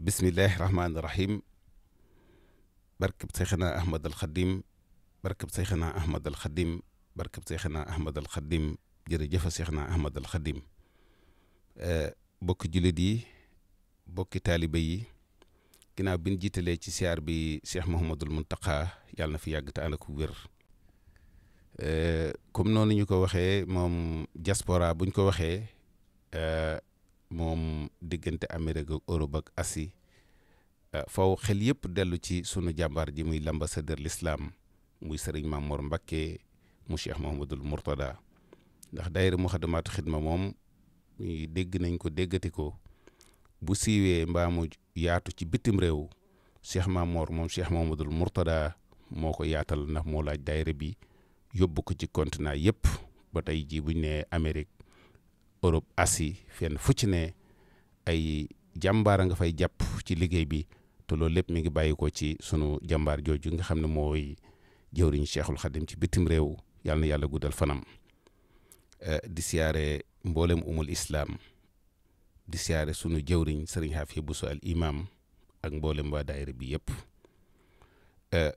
bismillahi rahmaani rahim barkeb seyxanaa ahmad al xadim barkeb seyxanaa ahmad al xadim barkeb seyxanaa ahmad al jërëjëf seyxanaa ahmad al xadim eh, bokki jullit yi bokki taaliba yi ginnaaw bi jiitalee ci siyaar bi cheikh Mouhamadul Muntaqa yàlla na fi yàgg te ku ak wér eh, comme noonu ñu ko waxee moom diaspora buñ ko waxee eh, moom diggante Amérique ak Europe Euh, faw xel yëpp dellu ci sunu jàmbaar ji muy l'ambassadeur lislaam muy sëriñ Mamour Mbakke mu Cheikh Mouhamadul Mourtada ndax daayira Muxaddamatul Xidma moom dégg nañ ko déggati ko bu siwee mbaamu yaatu ci bitim réew Cheikh Mamour moom Cheikh Mouhamadul Mourtada moo ko yaatal ndax moo laaj daayira bi yóbbu ko ci continent yëpp ba tey jii buñ ne Amérique Europe Asie fenn fu ci ne ay jàmbaara nga fay jàpp ci liggéey bi te loolu lépp mi ngi bàyyi ko ci sunu jàmbaar jooju nga xam ne mooy jëwriñ Cheikhul Khadim ci bitim réew yàlla na yàlla guddal fanam eh, di siyaare mboolem umul islaam di siyaare sunu jëwriñ sëriñ Xaafiya Buso al imam ak mboolem waa daayira bi yëpp eh,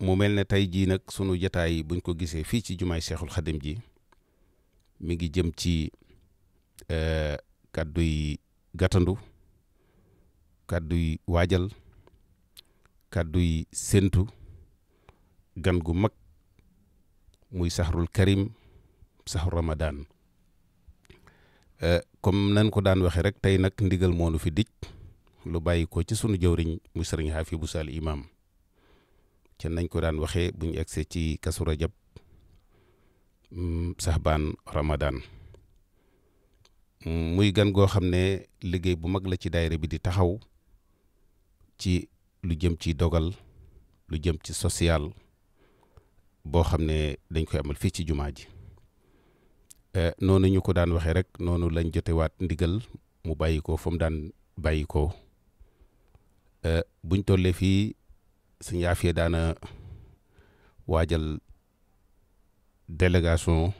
mu mel ne tey jii nag sunu jataay buñ ko gisee fii ci jumaay Cheikhul Khadim ji mi ngi jëm ci eh, kàddu yi kàdduy waajal kàdduy séentu gan gu mag muy saxarul karim saxu ramadan eh, comme nan ko daan waxe rek tey nag ndigal moonu fi dij lu bàyyi ko ci sunu jëwriñ mu sëriñ xaafi bu sal imam ca nañ ko daan waxee bu ñu egsee ci kasu rajab mm, saxbaan ramadan mm, muy gan goo xam ne liggéey bu mag la ci daayira bi di taxaw ci lu jëm ci dogal lu jëm ci social boo xam ne dañ koy amal fii ci jumaa ji eh, noonu ñu ko daan waxee rek noonu lañ jotewaat ndigal mu bàyyi ko fa mu daan bàyyi ko eh, buñ tollee fii suñ yaafee daana waajal délégation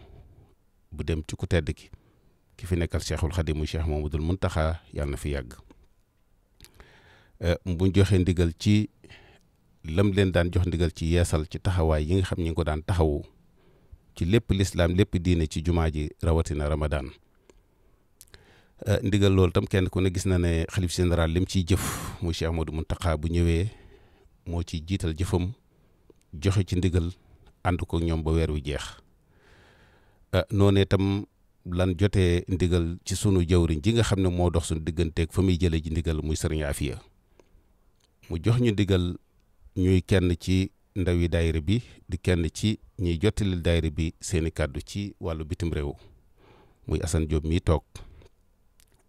bu dem ci ku tedd ki ki nekkal nekkal cheikhul xadim mu cheikh mamadul muntaxa yàlla na fi yàgg Euh, buñ joxee ndigal ci lam leen daan jox ndigal ci yeesal ci taxawaay yi nga xam ñi ngi ko daan taxawu ci lépp lislaam lépp diine ci jumaa ji rawatina ramadaan euh, ndigal loolu tam kenn ku ne gis na ne xalif général lim ciy jëf muy Cheikh Amadou Mountakha bu ñëwee moo ci jiital jëfam joxe ci ndigal ànd ko ñoom ba weer wi jeex euh, noonee tam lan jotee ndigal ci sunu jawriñ ji nga xam ne moo dox suñu digganteek fa muy jëlee ji ndigal muy sëriñ mu jox ñu digal ñuy kenn ci ndawi daayira bi di kenn ci ñiy jottalil daayira bi seeni kàddu ci wàllu bitim réew muy Assane Diop mi toog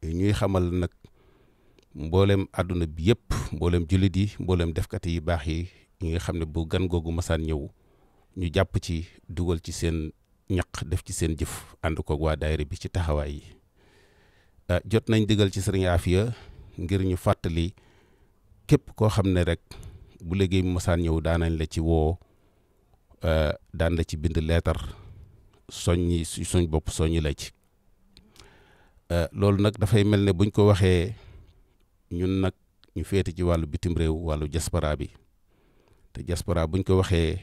ñuy xamal nag mboolem àdduna bi yëpp mboolem jullit yi mboolem defkat yi baax yi ñi nga xam ne bu gan googu masaan ñëw ñu jàpp ci dugal ci seen ñaq def ci seen jëf ànd koog waa daayira bi ci taxawaay yi ah, jot nañ digal ci sëriñ Afia ngir ñu fàttali képp koo xam ne rek bu liggéey bi mosaan ñëw daanañ la ci woo euh, daan la ci bind leetar soññi suñ bopp soññi la ci euh, loolu nag dafay mel ne buñ ko waxee ñun nag ñu féete ci wàllu bitim réew wàllu diaspora bi te diaspora buñ ko waxee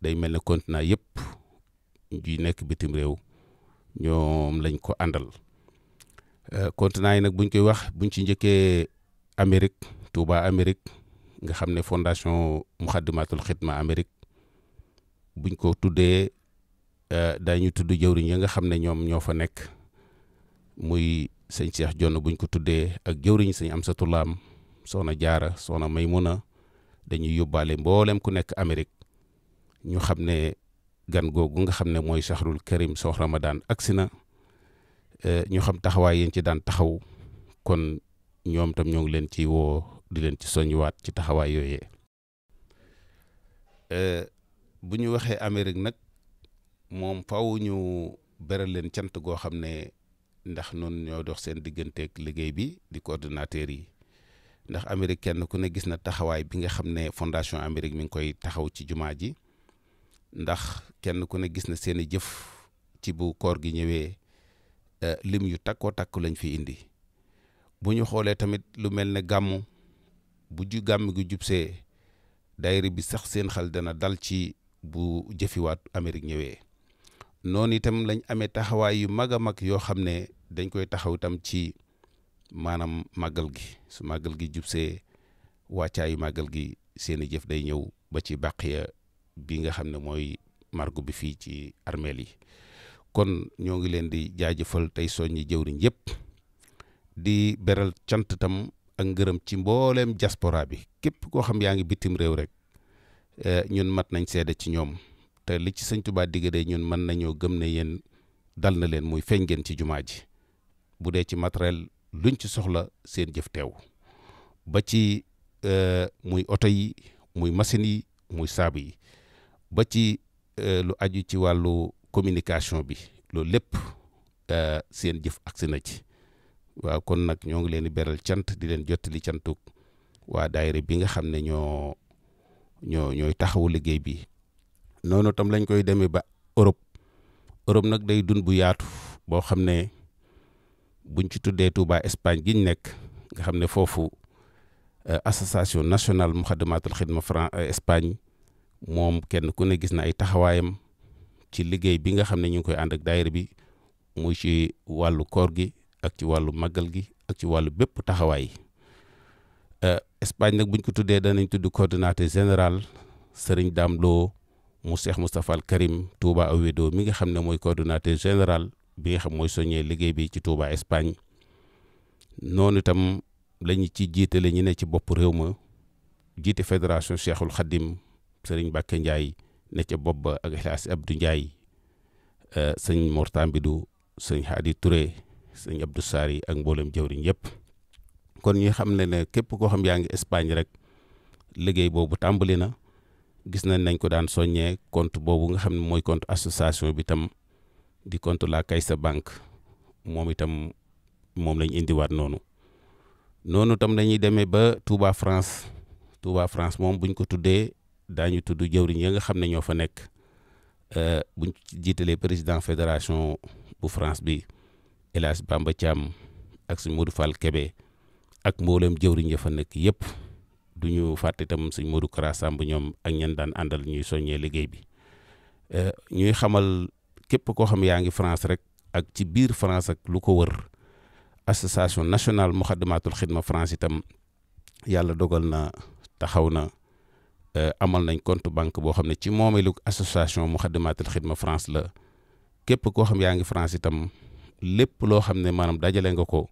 day mel ne continent yëpp yuy nekk bitim réew ñoom lañ ko àndal euh, continent yi nag buñ koy wax buñ ci njëkkee Amérique Touba Amérique nga xam ne fondation Muxaddamatul Xidma Amérique buñ ko tuddee euh, daañu tudd jëwriñ ya nga xam ne ñoom ñoo fa nekk muy sëñ Cheikh Jonn buñ ko tuddee ak jëwriñ sëñ Amsatu Laam soxna Jaara soxna Maymuna dañuy yóbbaale mboolem ku nekk amerique ñu xam ne gan googu nga xam ne mooy saxrul karim soox Ramadan agsi na euh, ñu xam taxawaay yéen ci daan taxaw kon ñoom tam ñoo ngi leen ci woo di leen ci waat ci taxawaay yooyee eh, bu ñu waxee Amérique nag moom faw ñu beral leen cant goo xam ne ndax noonu ñoo dox seen digganteek liggéey bi di coordonnateur yi ndax Amérique kenn ku ne gis na taxawaay bi nga xam ne fondation Amérique mi ngi koy taxaw ci jumaa ji ndax kenn ku ne gis na seen i jëf ci bu koor gi ñëwee eh, lim yu takkoo takk lañ fi indi bu ñu xoolee tamit lu mel ne gàmmu bu ju gàmm gi jubsee daayira bi sax seen xal dana dal ci bu jëfiwaat Amérique ñëwee noonu itam lañ amee taxawaay yu mag a mag yoo xam ne dañ koy taxaw itam ci maanaam màggal gi su màggal gi jubsee wàccaayu màggal gi seeni jëf day ñëw ba ci bàqiya bi nga xam ne mooy margo bi fii ci armeel yi kon ñoo ngi leen di jaajëfal tey soññi jëwriñ yëpp di beral cant tam ak ngërëm ci mbooleem diaspora bi képp koo xam yaa ngi bitim réew rek eh, ñun mat nañ seede ci ñoom te li ci sëñ Tuubaa digg de ñun mën nañoo gëm ne yéen dal na leen muy feeñ ngeen ci jumaa ji bu dee ci matériel luñ ci soxla seen jëf teew ba ci eh, muy oto yi muy machines yi muy saabu yi ba ci eh, lu aju ci wàllu communication bi loolu lépp seen jëf agsi na ci waaw kon nag ñoo ngi leen di beral cant di leen jottali cantuk waa daayira bii nga xam ne ñoo ñoo ñooy taxawu liggéey bi noonu tam lañ koy demee ba Europe Europe nag day dun bu yaatu boo xam ne buñ ci tuddee Touba Espagne giñ nekk nga xam ne foofu euh, association nationale muxadamatul xidma Fran euh, Espagne moom kenn ku ne gis na ay taxawaayam ci liggéey bi nga xam ne ñu ngi koy ànd ak daayira bi muy ci wàllu koor gi ak ci wàllu màggal gi ak ci wàllu bépp taxawaay euh, Espagne nag buñ ko tuddee danañ tudd coordonnateur général Serigne Dame Lo mu Cheikh Moustapha Al Karim Touba Awedo mi nga xam ne mooy coordonnateur général bi nga xam mooy soññee liggéey bi ci Touba Espagne noonu itam lañu ci jiitale ñu ne ci bopp réew ma jiite fédération Cheikhul Khadim Serigne Bakke Ndiaye ne ca bopp ba ak El Hadj Abdou Ndiaye euh, sëñ Mor Tambidou sëñ Hadi Touré. sëñ Abdou Sarr yi ak mboolem jëwriñ yëpp kon ñuy xam ne ne képp koo xam yaa ngi Espagne rek liggéey boobu tàmbali na gis nañ nañ ko daan soññee compte boobu nga xam ne mooy compte association bi tam di compte la sa banque moom itam moom lañ indiwaat noonu noonu tam dañuy demee ba Touba France Touba France moom buñ ko tuddee daañu tudd jëwriñ ya nga xam ne ñoo fa nekk euh, buñ jiitalee président fédération bu France bi El Hadj Bamba Thiam ak suñ Modou Fall kebe ak mboolem jëwriñ ya fa nekk yëpp du ñu fàtte itam suñ Modou Kara Samb ñoom ak ñan daan àndal ñuy soññee liggéey bi eh, ñuy xamal képp koo xam yaa ngi France rek ak ci biir France lu ko wër association nationale muxaddamaatul xidma France itam yàlla dogal na taxaw na eh, amal nañ compte banque boo xam ne ci moom moomeelu association muxaddamaatul xidma France la képp koo xam yaa ngi France itam. lépp loo xam ne maanaam dajale nga ko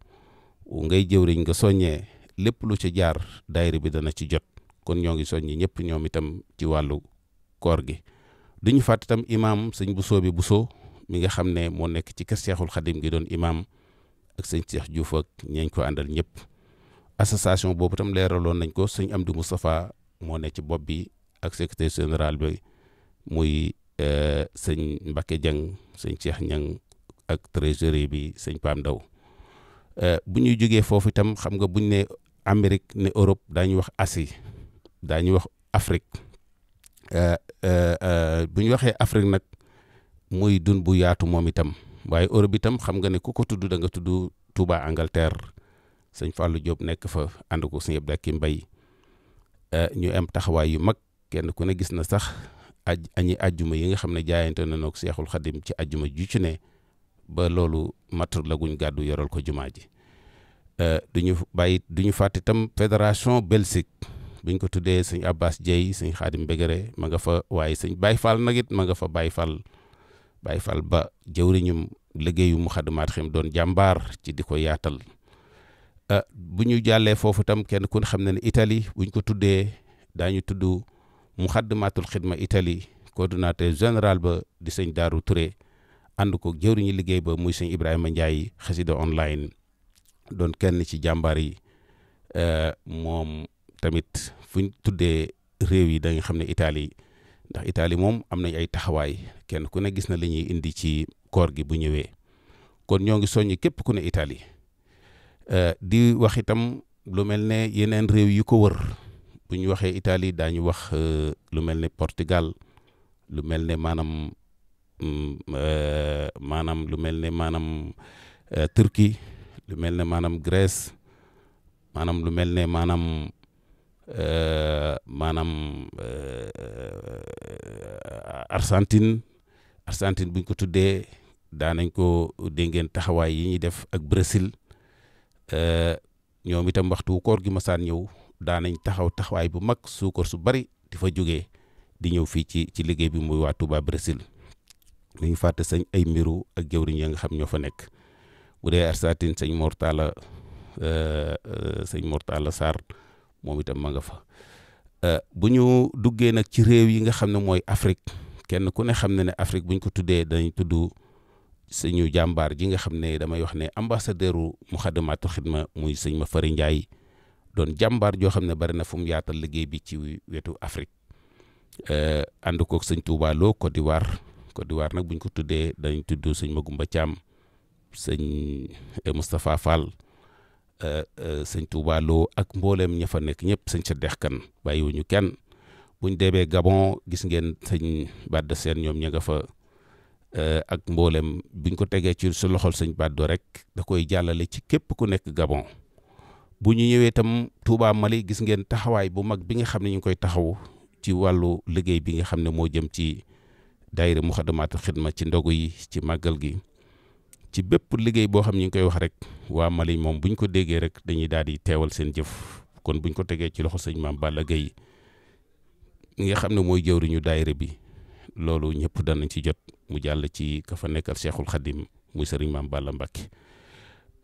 ngay jëwriñ nga soññee lépp lu ci jaar daayira bi dana ci jot kon ñoo ngi soññi ñëpp ñoom itam ci wàllu koor gi duñu fàtte tam imaam sëñ Bousso bi Bousso mi nga xam ne moo nekk ci kër Seexul Xadim gi doon imaam ak sëñ Cheikh Diouf ñeeñ ko àndal ñëpp association boobu itam leeraloon nañ ko sëñ Amdi Moustapha moo ne ci bopp bi ak secrétaire général bi muy euh, sëñ mbake Dieng sëñ Cheikh Niang ak trésorier bi sëñ Pam Ndaw euh, bu ñuy jógee foofu itam xam nga buñ ne Amérique ne Europe daañu wax Asie daañu wax Afrique euh, euh, bu ñu waxee Afrique nag muy dun bu yaatu moom itam waaye Europe itam xam nga ne ku ko tudd da nga tudd Touba Angleterre sëñ Fallou Diop nekk fa ànd ko sëñ Abdou Akim Mbaye ñu am taxawaay yu mag kenn ku ne gis na sax aj añi ajuma yi nga xam ne jaayante na noog Seexul Xadim ci ajjuma ju ci ne ba loolu mat la guñ gàddu yoral ko jumaa ji euh, du ñu bàyyi du ñu fàtte itam fédération Belgique ko tuddee sëñ Abbas Dieye sëñ Xaadim Mbégéré ma nga fa waaye sëñ Baye Fall nag it nga fa Baye Fall Baye Fall ba jëwriñum liggéeyu mu xadamaat xim doon jàmbaar ci di ko yaatal euh, bu ñu jàllee foofu tam kenn kun xam ne ne Italie buñ ko tuddee daañu tudd mu xadamaatul xidma Italie coordonnateur général ba di sëñ Daaru Touré ànd ko jëwriñu liggéey ba muy sëñ Ibrahima Ndiaye xasida online doon kenn ci jàmbaar yi euh, moom tamit fuñ tuddee réew yi da xam ne itali ndax itali moom am nañ ay taxawaay kenn ku ne gis na li ñuy indi ci koor gi bu ñëwee kon ñoo ngi soññ képp ku ne itali euh, di wax itam lu mel ne yeneen réew yu ko wër bu ñu waxee Italie daañu wax euh, lu mel ne Portugal lu mel ne maanaam Mm, euh, maanaam lu mel ne maanaam euh, Turquie lu mel ne maanaam Grèce maanaam lu mel ne maanaam euh, maanaam Argentine Argentine buñ ko tuddee daanañ ko dégg ngeen taxawaay yi ñuy def ak Brésil ñoom itam waxtu koor gi masaan ñëw daanañ taxaw taxawaay bu mag suukar su bari di fa jógee di ñëw fii ci ci liggéey bi muy waa Touba Brésil nañu fàtte sëñ ay mbiru ak jëwriñ ya nga xam ñoo fa nekk bu dee arsatin sëñ Mortala euh, sëñ mortal Sarr moom itam ma nga fa euh, bu ñu duggee nag ci réew yi nga xam ne mooy Afrique kenn ku ne xam ne ne Afrique buñ ko tuddee dañ tudd suñu jàmbaar ji nga xam ne damay wax ne ambassadeur u Muxaddamatul Xidma muy sëñ ma Fari Ndiaye doon jàmbaar joo xam ne bari na fu mu yaatal liggéey bi ci wetu Afrique euh, ànd koog sëñ tuubaaloo Lo d'Ivoire Côte d'Ivoire nag buñ ko tuddee dañ tudd sëñ Magumba Thiam sëñ eh, Moustapha Fall eh, eh, sëñ Touba Lo ak mbooleem ña fa nekk ñëpp sëñ sa dex kan bàyyiwuñu kenn buñ demee Gabon gis ngeen sëñ Badda Seen ñoom ña nga fa ak mboolem buñ ko tegee ci su loxol sëñ Baddo rek da koy jàllale ci képp ku nekk Gabon bu ñu ñëwee itam Touba Mali gis ngeen taxawaay bu mag bi nga xam ne ñu koy taxaw ci wàllu liggéey bi nga xam ne moo jëm ci daayira Muxaddamaatul Xidma ci ndogu yi ci màggal gi ci bépp liggéey boo xam ñu ngi koy wax rek waa Mali moom bu ñu ko déggee rek dañuy daal di teewal seen jëf kon bu ñu ko tegee ci loxo sëñ Maam Balla Gueye nga xam ne mooy jëwriñu daayira bi loolu ñëpp danañ ci jot mu jàll ci ka fa nekkal Cheikhul Khadim muy sëriñ Maam Balla Mbacke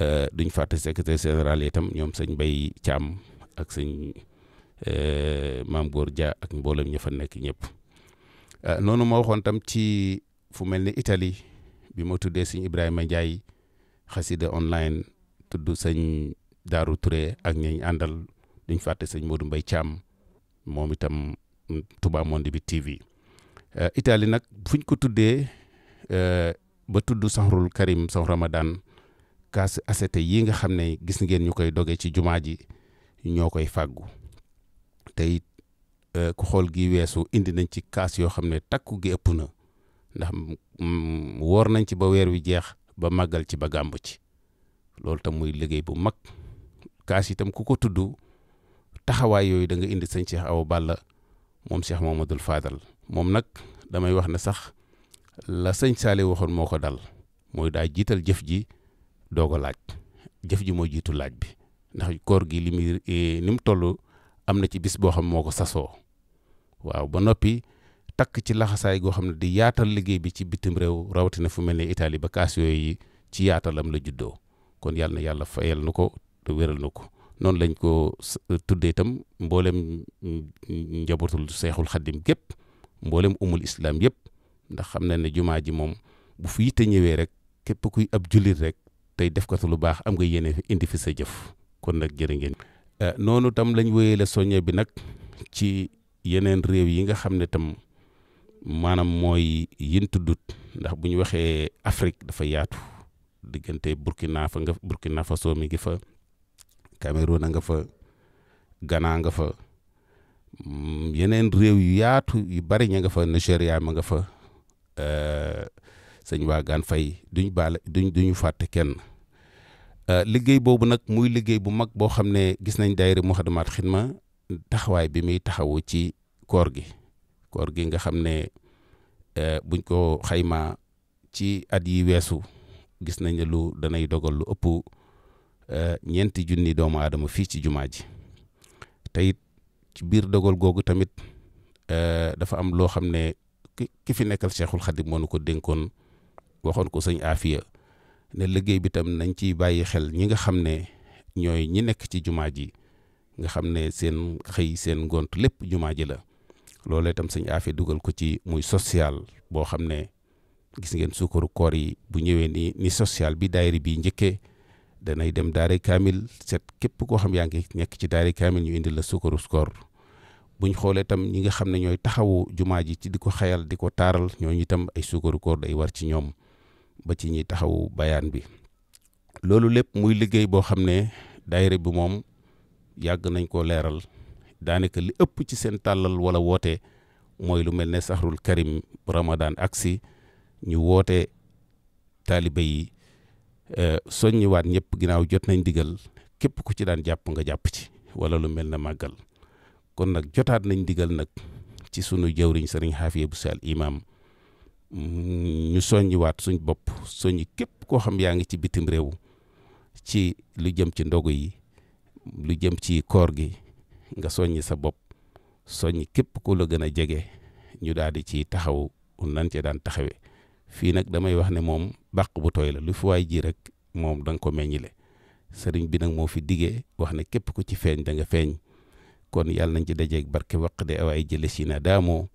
euh, duñ fàtte secrétaire général itam ñoom sëñ Mbaye Thiam ak sëñ euh, Maam Góor Dia ak mboolem ña fa nekk ñëpp. Euh, noonu moo waxoon tam ci fu mel ni itali bi ma tuddee sëñ Ibrahima Ndiaye xasida online tudd sëñ Daaru ture ak ñi àndal duñ fàtte sëñ Modou Mbaye Thiam moom itam Touba Monde bi TV euh, Italie nag fuñ ko tuddee euh, ba tudd sahrul karim sahr ramadan kaas asete yii nga xam ne gis ngeen ñu koy doge ci jumaa ji ñoo koy fàggu te Euh, ku xool gi weesu indi nañ ci kaas yoo xam ne takku gi ëpp na ndax woor nañ ci ba weer wi jeex ba màggal ci ba gàmb ci loolu tam muy liggéey bu mag kaas yi tam ku ko tudd taxawaay yooyu danga nga indi sëñ Cheikh Awa Balla moom Cheikh Mamadou Fadal moom nag damay wax ne sax la sëñ Saali waxoon moo ko dal mooy daa jiital jëf ji doo ko laaj jëf ji mooy jiitu laaj bi ndax koor gi li muy eh, ni mu toll am na ci bis boo xam moo ko sasoo waaw ba noppi takk ci laxasaay goo xam ne di yaatal liggéey bi ci bitim réew rawatina fu mel ne itali ba kaas yooyu ci yaatalam la juddoo kon yàlla na yàlla fayal nu ko te wéral nu ko noonu lañ ko tuddee itam mbooleem njabootul seexul xaddim gépp mboolem umul islam yëpp ndax xam na ne jumaa ji moom bu fi yitte ñëwee rek képp kuy ab jullit rek tey def ko lu baax am nga yéene indi fi sa jëf kon nag jërë ngeen. Eh, noonu tam lañ wéyee la soññe bi nag ci. yeneen réew yi nga xam ne tam maanaam mooy yin tuddut ndax bu ñu waxee Afrique dafa yaatu diggante Burkina fa nga Burkina Faso mi ngi fa Cameroun a nga fa Ghana nga fa mm, yeneen réew yu yaatu yu bari ña nga fa Nigeria ma nga fa euh, sëñ Wagan Faye duñ baale duñ duñu fàtte kenn euh, liggéey boobu nag muy liggéey bu mag boo xam ne gis nañ daayira Muxadamaat Xidma taxawaay bi muy taxawu ci koor gi koor gi nga xam ne eh, buñ ko xaymaa ci at yi weesu gis nañ ne lu danay dogal lu ëpp eh, ñeenti junni doomu aadama fii ci jumaa ji te it ci biir dogal googu tamit eh, dafa am loo xam ne ki fi nekkal Cheikhul Khadim moo nu ko dénkoon waxoon ko sëñ Afia ne liggéey bi tam nañ ci bàyyi xel ñi nga xam ne ñooy ñi nekk ci jumaa ji nga xam ne seen xëy seen ngont lépp jumaa ji la loolee itam sëñ Afe dugal ko ci muy social boo xam ne gis ngeen suukaru koor yi bu ñëwee ni ni social bi daayira bi njëkkee danay dem daare kaamil set képp koo xam yaa ngi nekk ci daare kaamil ñu indi la suukaru koor ñu xoolee itam ñi nga xam ne ñooy taxawu jumaa ji ci di ko xayal di ko taaral ñooñu itam ay suukaru koor day war ci ñoom ba ci ñi taxaw bayaan bi loolu lépp muy liggéey boo xam ne daayira bi moom yàgg nañ koo leeral daanaka li ëpp ci seen tàllal wala woote mooy lu mel ne saxarul karim ramadan aksi ñu woote taalibe yi eh, soññiwaat ñëpp ginnaaw jot nañ digal képp ku ci daan jàpp nga jàpp ci wala lu mel ne màggal kon nag jotaat nañ digal nag ci sunu jëwriñ sëriñ xaafiye bu sal imaam ñu soññiwaat suñ bopp soññi képp koo xam yaa ngi ci bitim réew ci lu jëm ci ndogu yi lu jëm ci koor gi nga sooñ sa bopp soññi képp ku la gën a jege ñu daal di ci taxaw nan cee daan taxawe fii nag damay wax ne moom bàq bu tooy la lu fi waay ji rek moom dang nga ko meññile sëriñ bi nag moo fi diggee wax ne képp ku ci feeñ da nga feeñ kon yàlla nañ ci dajeeg barke waq de awaay jële si na daamoo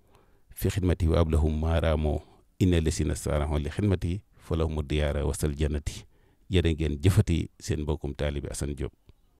fi xidmati wa ablahum maaraamoo inna li si na saaraxon li xidmati fa lahum diyaara wasal jannati jërë ngeen jëfati seen mbokkum taalibi a san Diop